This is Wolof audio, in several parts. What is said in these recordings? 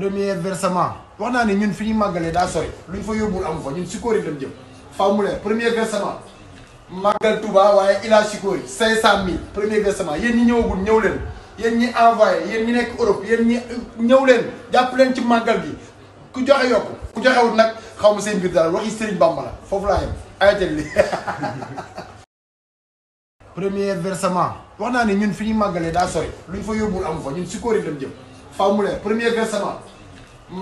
premier versement wax naa ni ñun fi ñuy màggalee daa sori lu ñu fa yóbbul amu fa ñun Sikori lañ jëm faaw mu leer premier versement màggal Touba waaye Ila Sikori cinq cent mille premier yéen ñi ñëwagul ñëw leen yéen ñi envoyé yéen ñi nekk Europe yéen ñi euh, ñëw leen jàpp leen ci màggal gi ku joxe yokk ku joxewul nag xaw ma seen mbir daal waxi Serigne Bamba la foofu laa yem ayatel li premier versement wax naa ne ñun fi ñu màggalee daa sori lu ñu fa yóbbul amu fa ñun Sikori lañ jëm faw mu leer premier versement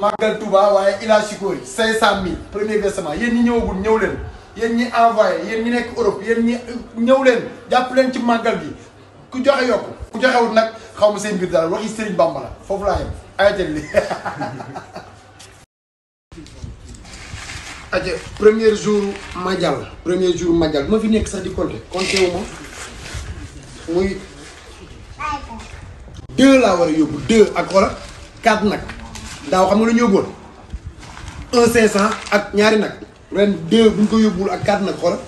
Magal Touba waaye Ila Chikoori cinq cent mille premier versement yéen ñi ñëwagul ñëw leen yéen ñi envoyé yéen ñi nekk Europe yéen ñi ñëw leen jàpp leen ci màggal bi ku joxe yokk ku joxewul nag xaw ma seen biir daal waxi Serigne Bamba la foofu laa yem ayca li aja premier jour Madial premier jour Madial ma fi nekk sax di compter compter wu muy deux laa war a yóbbu deux ak wala quatre nag daaw xam nga lu ñu yóbboon un cinq cent ak ñaari nag ren deux bu ñu ko yóbbuwul ak quatre nag xoolal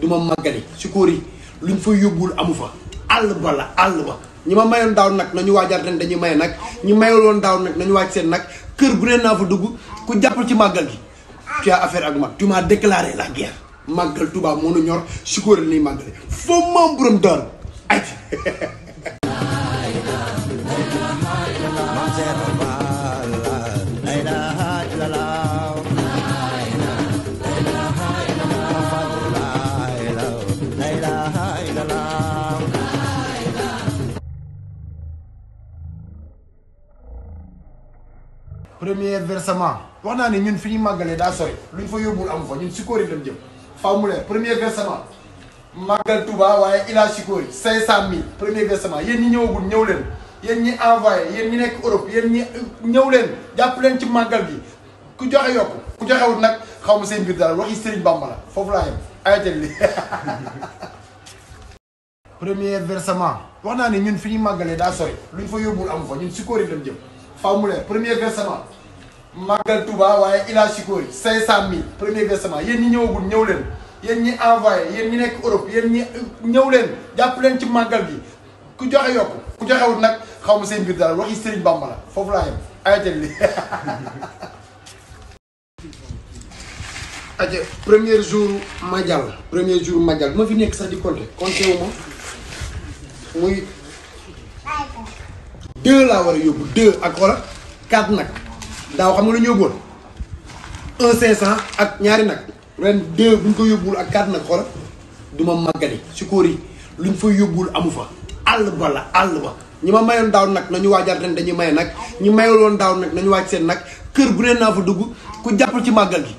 du ma yi si kóor yi luñ fa yóbbuwul amu fa àll ba la àll ba ñi ma mayoon daaw nag nañu waajaat ren dañuy maye nag ñi mayaloon daaw nag nañu waaj seen nag kër bu neen naa fa dugg ku jàppal ci màggal gi tu affaire ak man tu m'as déclaré la guerre màggal Tuubaa moo ñor si kóor yi lañuy màggale foo maam borom daal premier versement wax naa ne ñun fi ñu màggalee daa sori lu ñu fa yóbbul amu fa ñun Sikori lañ jëm faaw mu leer premier versement màggal Touba waaye Ila Sikori cinq cent mille premier versement yéen ñi ñëwagul ñëw yéen ñi envoyé yéen ñi nekk Europe yéen ñi ñëw leen jàpp leen ci màggal gi ku joxe yokk ku joxewut nag xaw ma seen biir daal waxi Serigne Bamba la foofu laa yem ayatel li premier versement wax naa ne ñun fi ñu màggalee daa sori lu ñu fa yóbbul amu fa ñun Sikori lañ jëm faaw mu leer premier versement màggal Touba waaye Ila Chikori cinq cent mille premier versement yéen ñi ñëwagul ñëw leen yéen ñi envoyé yéen ñi nekk Europe yéen ñi ñëw leen jàpp leen ci màggal bi ku joxe yokk ku joxewut nag xaw ma seen biir daal waxi Serigne Bamba la foofu laa yem ayca li aja premier jour Madial premier jour Madial ma fi nekk sax di compter compter wu muy deux laa war a yóbbu deux ak wala quatre nag daaw xam nga lu ñu yóbbuwoon un cinq cent ak ñaari nag ren deux bu ñu ko yóbbuwul ak quatre nag xoolal du ma màggali si kóor yi luñ fa yóbbuwul amu fa àll ba la àll ba ñi ma mayoon daaw nag ñu waajaat ren dañuy maye nag ñi mayoon daaw nag nañu waaj seen nag kër bu neen naa fa dugg ku jàppal ci màggal gi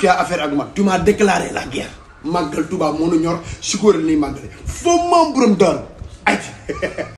tu affaire ak man tu m'as déclaré la guerre màggal Tuubaa moo ñor si kóor yi la ñuy màggale foo maam borom ay